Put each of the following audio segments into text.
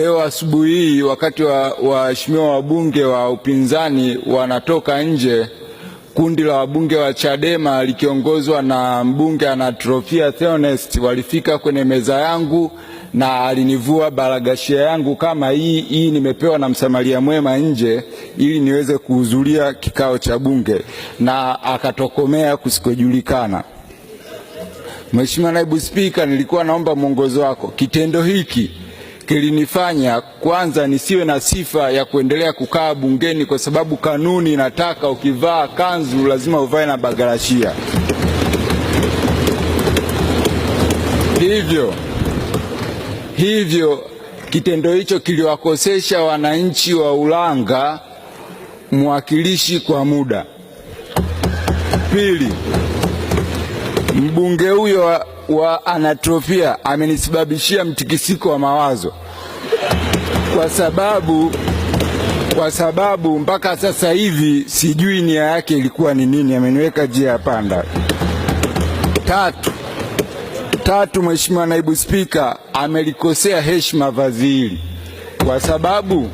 Leo asubuhi hii wakati waheshimiwa wabunge wa upinzani wanatoka nje, kundi la wabunge wa Chadema likiongozwa na mbunge Anatrofia Theonest walifika kwenye meza yangu na alinivua baragashia yangu kama hii hii nimepewa na msamaria mwema nje, ili niweze kuhudhuria kikao cha bunge, na akatokomea kusikojulikana. Mheshimiwa Naibu Spika, nilikuwa naomba mwongozo wako kitendo hiki kilinifanya kwanza nisiwe na sifa ya kuendelea kukaa bungeni, kwa sababu kanuni inataka ukivaa kanzu lazima uvae na bagarashia. Hivyo hivyo kitendo hicho kiliwakosesha wananchi wa Ulanga mwakilishi kwa muda. Pili, mbunge huyo wa anatropia amenisababishia mtikisiko wa mawazo kwa sababu kwa sababu mpaka sasa hivi sijui nia yake ilikuwa ni nini. Ameniweka njia ya panda. Tatu, tatu, Mheshimiwa Naibu Spika amelikosea heshima vazi hili, kwa sababu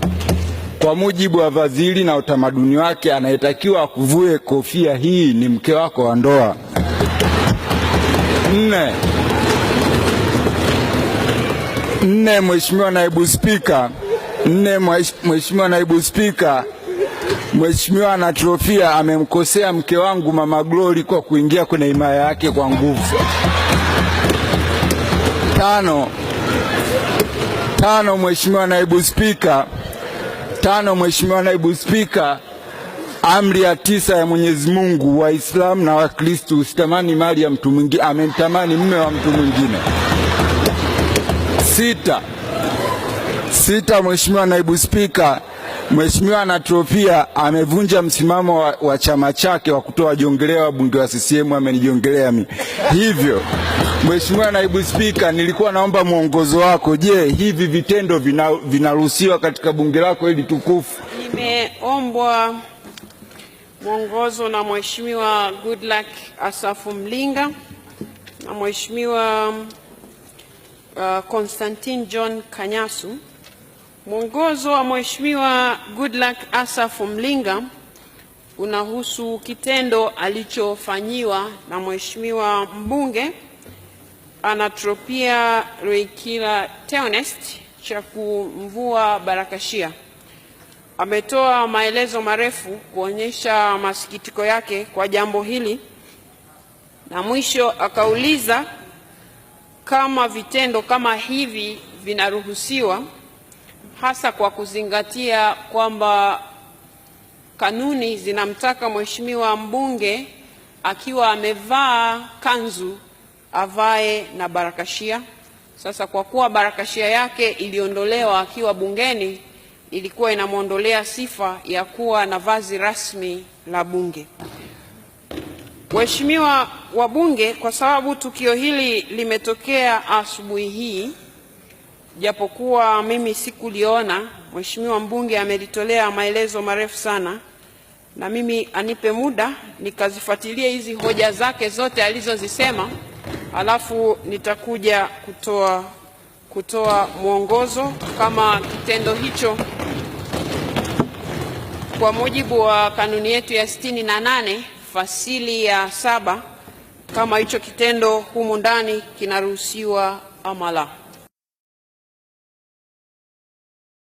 kwa mujibu wa vazi hili na utamaduni wake anayetakiwa akuvue kofia hii ni mke wako wa ndoa. Nne. Nne, Mheshimiwa Naibu Spika. Nne, Mheshimiwa Naibu Spika, Mheshimiwa Anatrofia amemkosea mke wangu Mama Glory kwa kuingia kwenye himaya yake kwa nguvu. Tano. Tano, Mheshimiwa Naibu Spika. Tano, Mheshimiwa Naibu Spika Amri ya tisa ya Mwenyezi Mungu, Waislamu na Wakristo, usitamani mali ya mtu mwingine, amenitamani mme wa mtu mwingine. Sita, sita, Mheshimiwa Naibu Spika, Mheshimiwa Anatropia amevunja msimamo wa, wa chama chake wa kutoa jongelea wabunge wa CCM, amenijongelea mimi. Hivyo Mheshimiwa Naibu Spika, nilikuwa naomba mwongozo wako. Je, hivi vitendo vinaruhusiwa vina katika bunge lako hili tukufu? Nimeombwa mwongozo na Mheshimiwa Goodluck Asafu Mlinga na Mheshimiwa Konstantin uh, John Kanyasu. Mwongozo wa Mheshimiwa Goodluck Asafu Mlinga unahusu kitendo alichofanyiwa na Mheshimiwa mbunge Anatropia Ruikira Theonest cha kumvua barakashia ametoa maelezo marefu kuonyesha masikitiko yake kwa jambo hili, na mwisho akauliza kama vitendo kama hivi vinaruhusiwa, hasa kwa kuzingatia kwamba kanuni zinamtaka mheshimiwa mbunge akiwa amevaa kanzu avae na barakashia. Sasa kwa kuwa barakashia yake iliondolewa akiwa bungeni ilikuwa inamwondolea sifa ya kuwa na vazi rasmi la Bunge. Waheshimiwa wabunge, kwa sababu tukio hili limetokea asubuhi hii, japokuwa mimi sikuliona, mheshimiwa mbunge amelitolea maelezo marefu sana, na mimi anipe muda nikazifuatilie hizi hoja zake zote alizozisema, alafu nitakuja kutoa kutoa mwongozo kama kitendo hicho kwa mujibu wa kanuni yetu ya stini na nane fasili ya saba, kama hicho kitendo humu ndani kinaruhusiwa ama la.